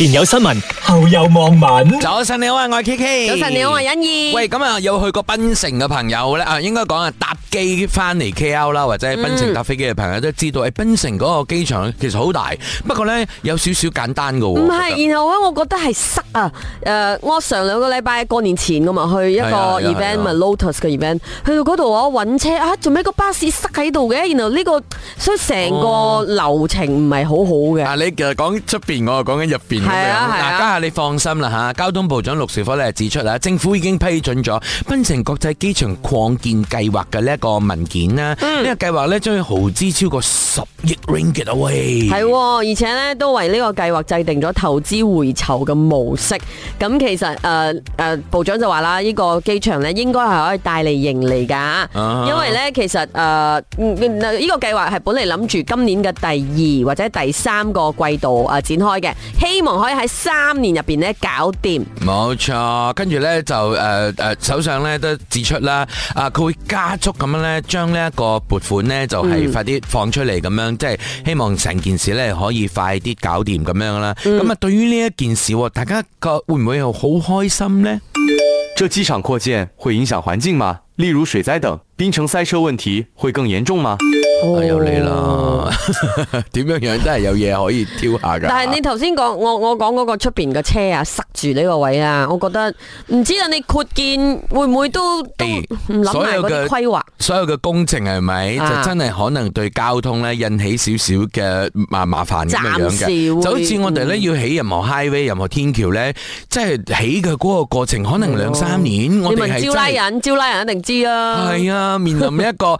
前有新聞，後有網民。早晨你好啊，我係 K K。早晨你好啊，欣怡。喂，今日啊，有去過檳城嘅朋友咧啊，應該講啊搭。機翻嚟 K L 啦，或者喺檳城搭飛機嘅朋友都知道，喺檳、嗯哎、城嗰個機場其實好大，不過咧有少少簡單嘅。唔係是，然後咧，我覺得係塞啊。誒、uh,，我上兩個禮拜過年前，我咪去一個 event，咪 Lotus 嘅 event，去到嗰度我搵車，啊，做咩個巴士塞喺度嘅？然後呢、這個，所以成個流程唔係好好嘅、嗯。啊，你其實講出邊，我面啊講緊入邊。係啊家、啊、你放心啦吓、啊，交通部長陸兆福咧指出啦，政府已經批准咗檳城國際機場擴建計劃嘅咧。個文件啦，呢個計劃咧將要豪資超過十億 ringgit away，係喎，而且咧都為呢個計劃制定咗投資回酬嘅模式。咁其實誒誒，部長就話啦，呢個機場咧應該係可以帶嚟盈利噶，因為咧其實誒呢個計劃係本嚟諗住今年嘅第二或者第三個季度誒展開嘅，希望可以喺三年入邊咧搞掂。冇錯，跟住咧就誒誒，首相咧都指出啦，啊佢會加速咁。咁咧，將呢一個撥款咧，就係快啲放出嚟，咁樣、嗯、即係希望成件事咧可以快啲搞掂咁樣啦。咁啊，對於呢一件事，大家覺會唔會又好開心呢？機場擴建會影響環境嘛？例如水災等，冰層塞車問題會更嚴重咧？有你啦，點樣樣都係有嘢可以挑下噶。但係你頭先講我我講嗰個出邊嘅車啊塞住呢個位啊，我覺得唔知道你擴建會唔會都都所有嘅個規劃，所有嘅工程係咪就真係可能對交通咧引起少少嘅麻麻煩咁樣樣嘅？暫時會就好似我哋咧要起任何 highway、任何天橋咧，即係起嘅嗰個過程可能兩三年。你問招拉人，招拉人一定知啦。係啊，面臨一個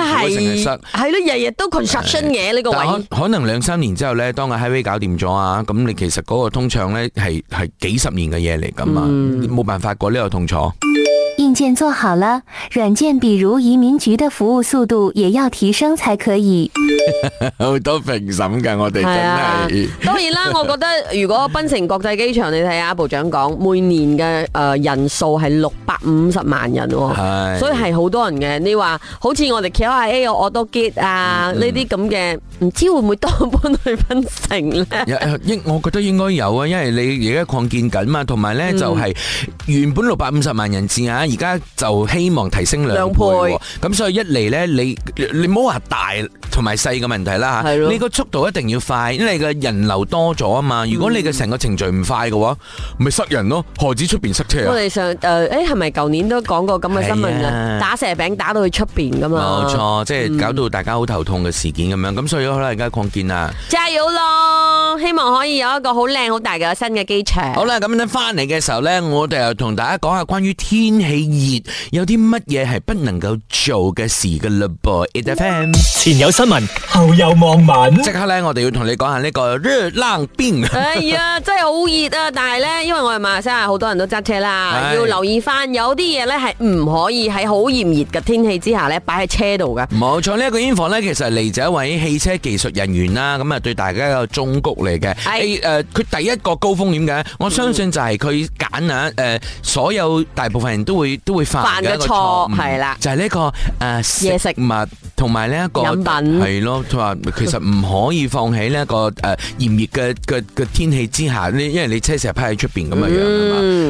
係，係咯，日日都 construction 嘢呢個位。可能兩三年之後咧，當個 highway 搞掂咗啊，咁你其實嗰個通暢咧係係幾十年嘅嘢嚟噶嘛，冇、嗯、辦法過呢個痛楚。件做好啦，軟件比如移民局的服務速度也要提升才可以。好 多評審噶，我哋真係。啊、 當然啦，我覺得如果檳城國際機場，你睇下部長講，每年嘅誒人數係六百五十萬人，係是所以係好多人嘅。你話好似我哋 k i A 我都 get 啊，呢啲咁嘅，唔知會唔會當搬去檳城咧？應 我覺得應該有啊，因為你而家擴建緊嘛，同埋咧就係原本六百五十萬人次啊，而家、嗯。就希望提升兩倍，咁所以一嚟咧，你你唔好話大同埋細嘅問題啦吓，係咯，你個速度一定要快，因為你嘅人流多咗啊嘛，如果你嘅成個程序唔快嘅話，咪塞人咯，何止出邊塞車啊？我哋上誒，誒係咪舊年都講過咁嘅新聞啊？打蛇餅打到去出邊噶嘛？冇錯，即係搞到大家好頭痛嘅事件咁樣，咁所以可能而家擴建啊，加油咯！希望可以有一個好靚好大嘅新嘅機場。好啦，咁等翻嚟嘅時候咧，我哋又同大家講下關於天氣。熱有啲乜嘢係不能夠做嘅事噶啦噃，it FM 前有新聞，後有網民，即刻咧，我哋要同你講下呢個熱浪病。哎呀，真係好熱啊！但係咧，因為我哋馬來西亞好多人都揸車啦，要留意翻有啲嘢咧係唔可以喺好炎熱嘅天氣之下咧擺喺車度噶。冇錯，呢一個煙房咧，其實嚟自一位汽車技術人員啦，咁啊對大家一個忠告嚟嘅。係誒，佢第一個高風險嘅，我相信就係佢揀啊誒，所有大部分人都會。都會犯嘅錯，係啦，就係呢、這個。誒、uh, 嘢食物。同埋呢一個係飲品 咯，佢話其實唔可以放喺呢一個誒炎熱嘅嘅嘅天氣之下，呢因為你車成日泊喺出邊咁樣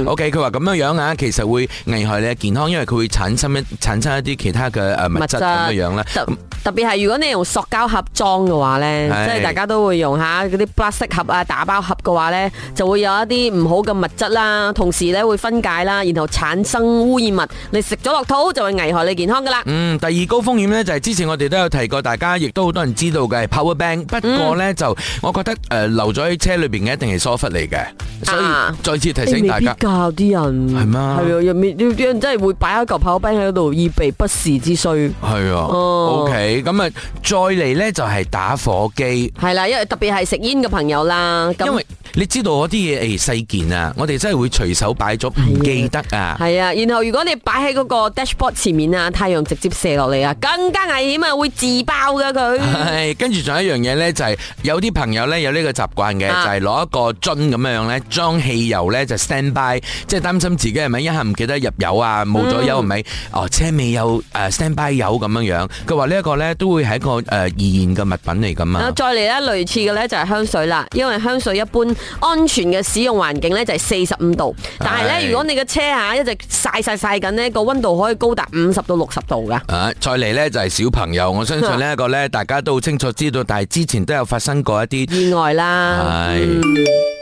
樣 OK，佢話咁樣樣啊，其實會危害你嘅健康，因為佢會產生一產生一啲其他嘅物質咁質樣樣咧。特，那特別係如果你用塑膠盒裝嘅話咧，是即係大家都會用下嗰啲不適盒啊打包盒嘅話咧，就會有一啲唔好嘅物質啦，同時咧會分解啦，然後產生污染物，你食咗落肚就會危害你健康噶啦。嗯，第二高風險咧就係之前之前我哋都有提過，大家亦都好多人知道嘅係 power bank，不過咧就，我覺得誒留咗喺車裏邊嘅一定係疏忽嚟嘅，所以再次提醒大家。教啲人係咩？係啊，入面啲人真係會擺一嚿 power bank 喺度，以備不時之需。係啊，OK，咁啊，再嚟咧就係打火機。係啦，因為特別係食煙嘅朋友啦。因為。你知道嗰啲嘢誒細件啊，我哋真係會隨手擺咗唔記得啊。係啊，啊，然後如果你擺喺嗰個 dashboard 前面啊，太陽直接射落嚟啊，更加危險啊，會自爆噶佢。係，跟住仲有一樣嘢咧，就係有啲朋友咧有呢個習慣嘅，就係、是、攞一個樽咁樣咧裝汽油咧就 stand by，即係擔心自己係咪一下唔記得入油啊，冇咗油係咪、嗯？哦，車尾有誒 stand by 油咁樣樣，佢話呢一個咧都會係一個誒易燃嘅物品嚟噶嘛。再嚟咧類似嘅咧就係香水啦，因為香水一般。安全嘅使用環境咧就係四十五度，但係咧如果你嘅車啊一直晒晒晒緊呢個溫度可以高達五十到六十度噶，啊。再嚟，咧就係小朋友，我相信呢一個咧大家都清楚知道，但係之前都有發生過一啲意外啦。係、嗯、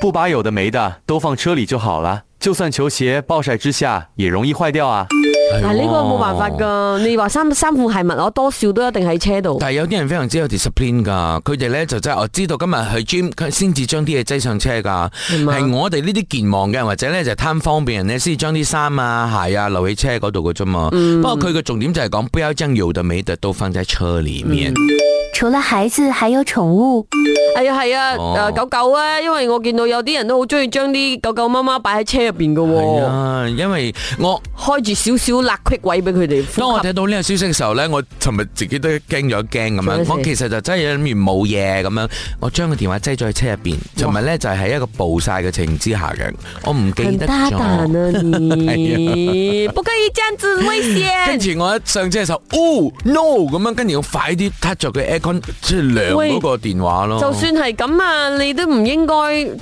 不把有的沒的都放車裏就好了，就算球鞋暴曬之下也容易壞掉啊。嗱，呢個冇辦法噶，你話衫衫褲係物，我多少都一定喺車度。但係有啲人非常之有 discipline 噶，佢哋咧就真、就、係、是、我知道今日去 gym 先至將啲嘢擠上車噶，係嗎我哋呢啲健忘嘅人或者咧就貪方便人咧、啊，先至將啲衫啊鞋啊留喺車嗰度嘅啫嘛。嗯、不過佢嘅重點就係講，不要將有的沒的都放在車裏面。除咗孩子，還有寵物。係啊係啊，狗狗啊，因為我見到有啲人都好鍾意將啲狗狗貓貓擺喺車入邊嘅。係啊，因為我開住少少。好甩鬼俾佢哋！當我睇到呢個消息嘅時候咧，我尋日自己都驚咗一驚咁樣。我其實就真係裏面冇嘢咁樣，我將個電話擠咗喺車入邊。尋日咧就係一個暴曬嘅情形之下嘅，我唔記得咗。很大膽啊你！不可以這樣子危險。之前我一上車嘅時候，oh no 咁樣，跟住我快啲 touch 咗個 aircon 出兩嗰個電話咯。就算係咁啊，你都唔應該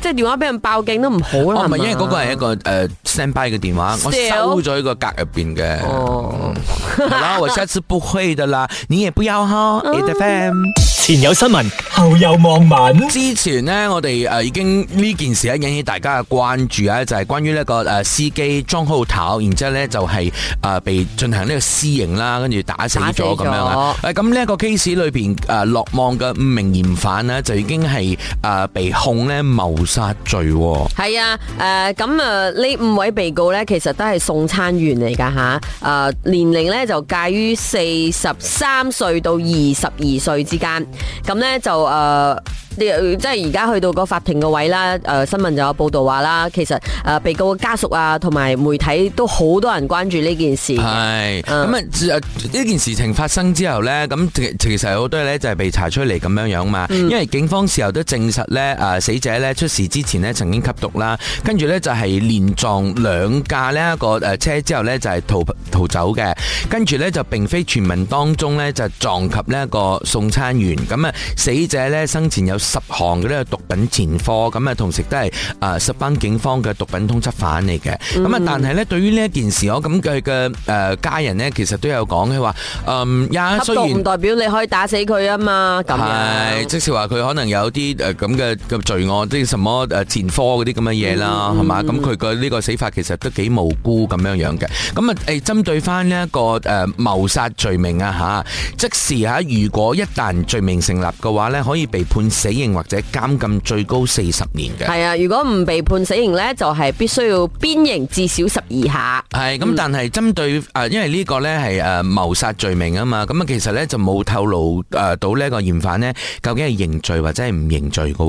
即係電話俾人爆鏡都唔好。我唔係因為嗰個係一個誒 stand by 嘅電話，我收咗個格入邊嘅。哦，係啦，oh. 我下次不會的啦，你也不要，it 呵。E. F. M. 前有新聞，後有網民， 之前咧，我哋誒已經呢件事咧引起大家嘅關注啊，就係、是、關於呢個誒司機裝好頭，然之後咧就係誒被進行呢個私刑啦，跟住打死咗咁樣啊。誒，咁呢一個 case 裏邊誒落網嘅五名嫌犯咧就已經係誒被控咧謀殺罪。係啊，誒咁啊呢五位被告咧其實都係送餐員嚟噶吓。誒，uh, 年齡咧就介於四十三歲到二十二歲之間，咁咧就誒。Uh 即係而家去到個法庭個位啦，誒，新聞就有報道話啦，其實誒被告嘅家屬啊，同埋媒體都好多人關注呢件事。係是，咁啊呢件事情發生之後咧，咁其實好多嘢咧就係被查出嚟咁樣樣嘛。因為警方事後都證實咧，誒，死者咧出事之前咧曾經吸毒啦，跟住咧就係連撞兩架呢一個誒車之後咧就係逃逃走嘅，跟住咧就並非傳聞當中咧就撞及呢一個送餐員。咁啊，死者咧生前有十項嘅呢個毒品前科，咁啊同時都係誒十班警方嘅毒品通緝犯嚟嘅，咁啊但係咧對於呢一件事，我咁佢嘅誒家人咧其實都有講佢話，嗯，吸毒唔代表你可以打死佢啊嘛，咁係，即使話佢可能有啲誒咁嘅嘅罪案，即係什麼誒前科嗰啲咁嘅嘢啦，係嘛，咁佢個呢個死法其實都幾無辜咁樣樣嘅，咁啊誒針對翻呢一個誒謀殺罪名啊吓，即時吓如果一旦罪名成立嘅話咧，可以被判死。刑或者監禁最高四十年嘅係啊，如果唔被判死刑呢，就係、是、必須要鞭刑至少十二下。係咁，但係針對誒，因為呢個呢係誒謀殺罪名啊嘛，咁啊其實呢，就冇透露誒到呢一個嫌犯呢，究竟係認罪或者係唔認罪嘅。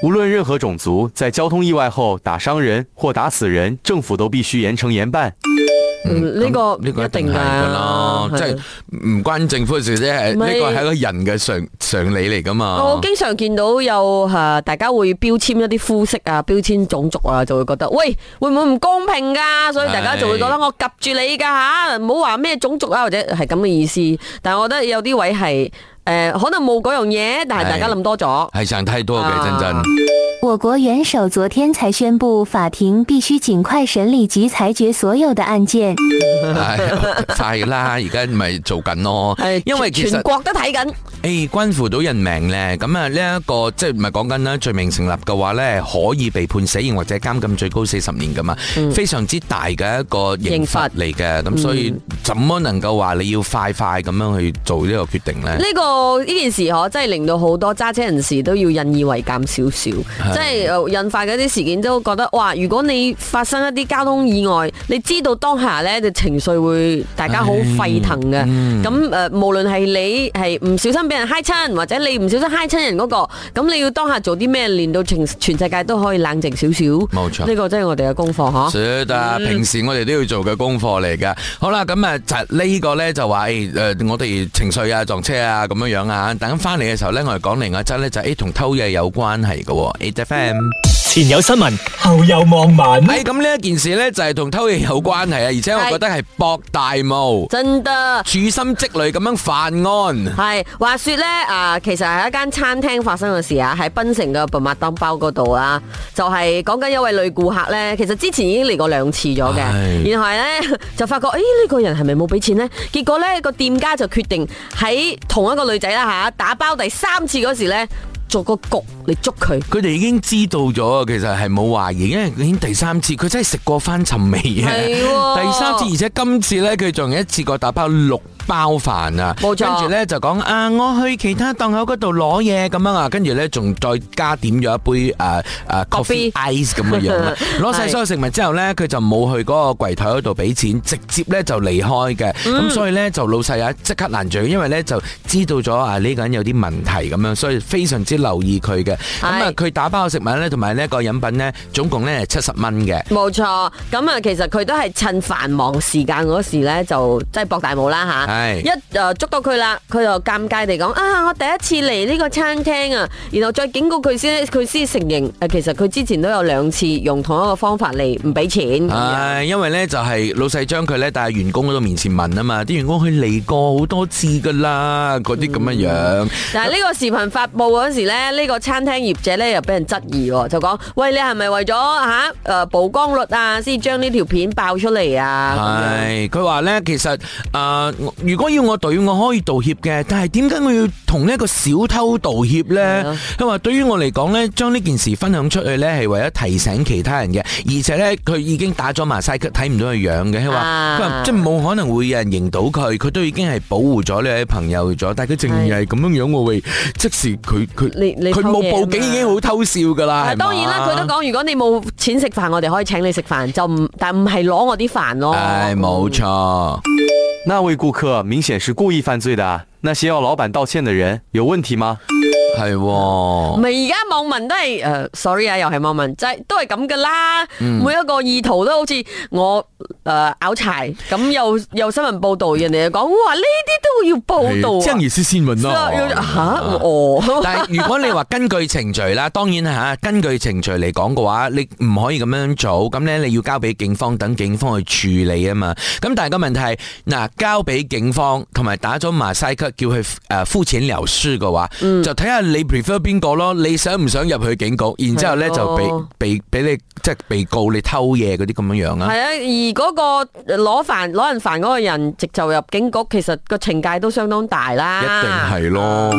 無論任何種族，在交通意外後打傷人或打死人，政府都必須嚴懲嚴辦。嗯，呢個呢個一定係噶咯，即係唔關政府事啫，呢個係一個人嘅常常理嚟噶嘛。我經常見到有吓，大家會標籤一啲膚色啊，標籤種族啊，就會覺得喂，會唔會唔公平噶？所以大家就會覺得我夾住你噶吓，唔好話咩種族啊，或者係咁嘅意思。但係我覺得有啲位係誒，可能冇嗰樣嘢，但係大家諗多咗，係想太多嘅真真。我國元首昨天才宣布，法庭必須盡快審理及裁決所有的案件。係、哎、啦，而家咪做緊咯， 因為其實全國都睇緊。誒、哎，關乎到人命咧，咁啊呢一個即係唔係講緊啦，罪名成立嘅話咧，可以被判死刑或者監禁最高四十年噶嘛，嗯、非常之大嘅一個刑罰嚟嘅。咁、嗯、所以，怎麼能夠話你要快快咁樣去做呢個決定呢？呢、嗯，這個呢件事可真係令到好多揸車人士都要引以為鑑少少。即係引發嗰啲事件，都覺得哇！如果你發生一啲交通意外，你知道當下咧，就情緒會大家好沸騰嘅。咁誒，嗯、無論係你係唔小心俾人揩親，或者你唔小心揩親人嗰個，咁你要當下做啲咩？連到全世界都可以冷靜少少。冇錯錯，呢個真係我哋嘅功課嗬。是啊的，嗯、平時我哋都要做嘅功課嚟噶。好啦，咁啊，就呢個咧就話誒，誒、呃，我哋情緒啊，撞車啊，咁樣樣啊。等翻嚟嘅時候咧，我哋講另一則咧，就誒、是、同偷嘢有關係嘅。欸前有新聞，後有網民。咁呢一件事呢，就係、是、同偷嘢有關係啊！而且我覺得係博大霧，真得處心積慮咁樣犯案。係話說咧，啊、呃，其實係一間餐廳發生嘅事啊，喺檳城嘅伯麥當包嗰度啊，就係講緊一位女顧客呢。其實之前已經嚟過兩次咗嘅，是然後呢，就發覺，誒、哎、呢、這個人係咪冇俾錢呢？結果呢，個店家就決定喺同一個女仔啦吓，打包第三次嗰時呢。做個局嚟捉佢，佢哋已經知道咗，其實係冇懷疑，因為已經第三次，佢真係食過翻尋味嘅。的第三次，而且今次咧，佢仲有一次過打包六。包飯啊，冇錯，跟住咧就講啊，我去其他檔口嗰度攞嘢咁樣啊，跟住咧仲再加點咗一杯誒誒 coffee ice 咁嘅樣攞晒 所有食物之後咧，佢就冇去嗰個櫃枱嗰度俾錢，直接咧就離開嘅，咁、嗯、所以咧就老細啊即刻攔住，因為咧就知道咗啊呢個人有啲問題咁樣，所以非常之留意佢嘅。咁啊、嗯，佢、嗯嗯、打包嘅食物咧同埋呢個飲品咧總共咧係七十蚊嘅。冇錯，咁啊其實佢都係趁繁忙時間嗰時咧就真係博大，大霧啦嚇。啊。一誒捉到佢啦，佢就尷尬地講啊，我第一次嚟呢個餐廳啊，然後再警告佢先，佢先承認誒，其實佢之前都有兩次用同一個方法嚟唔俾錢。係、哎，因為咧就係、是、老細將佢咧帶喺員工嗰度面前問啊嘛，啲員工佢嚟過好多次噶啦，嗰啲咁樣樣。嗯、但係呢個視頻發布嗰時咧，呢 個餐廳業者咧又俾人質疑，就講喂，你係咪為咗吓誒曝光率啊，先將呢條片爆出嚟啊？係、哎，佢話咧其實誒。呃如果要我對我可以道歉嘅，但係點解我要同呢一個小偷道歉咧？佢話是的 對於我嚟講咧，將呢件事分享出去咧係為咗提醒其他人嘅，而且咧佢已經打咗馬賽，睇唔到佢樣嘅。佢話佢話，即係冇可能會有人認到佢，佢都已經係保護咗你嘅朋友咗，但係佢淨係咁樣樣，是的 我會即使佢佢佢，冇報警已經好偷笑㗎喇。係當然啦，佢都講如果你冇錢食飯，我哋可以請你食飯，就唔但唔係攞我啲飯咯。係冇、嗯、錯。那位顧客明顯是故意犯罪的啊，那些要老闆道歉的人有問題嗎？係喎，唔係而家網民都係誒、呃、sorry 啊，又係網民，即係都係咁噶啦。嗯、每一個意圖都好似我誒拗、呃、柴咁，又又新聞報道，人哋就講哇，呢啲都要報道，啊，將言説先運咯嚇我。但係如果你話根據程序啦，當然嚇，啊、根據程序嚟講嘅話，你唔可以咁樣做，咁咧你要交俾警方等警方去處理啊嘛。咁但係個問題嗱，交俾警方同埋打咗馬賽克叫佢誒付錢了事嘅話，就睇下。你 prefer 邊個咯？你想唔想入去警局？然之後咧的就被被俾你即係被告你偷嘢嗰啲咁樣樣啊？係啊，而嗰個攞飯攞人飯嗰個人直就入警局，其實個情節都相當大啦。一定係咯。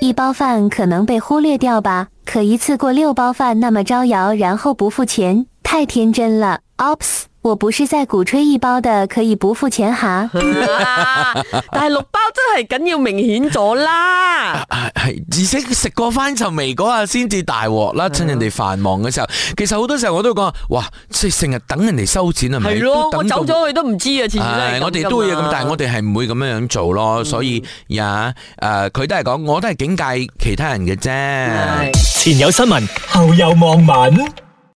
一包飯可能被忽略掉吧，可一次過六包飯，那麼招搖，然後不付錢，太天真了。Oops。我不是在鼓吹一包的可以不付錢哈，啊、 但係六包真係緊要明顯咗啦，係而且食過翻就味嗰下先至大鑊啦，趁人哋繁忙嘅時候，其實好多時候我都講，哇，即係成日等人哋收錢係咪，係咯，我走咗佢都唔知啊、哎，我哋都會咁，但係我哋係唔會咁樣樣做咯，嗯、所以、嗯、也誒，佢都係講，我都係警戒其他人嘅啫是的， 前有新聞，後有網民。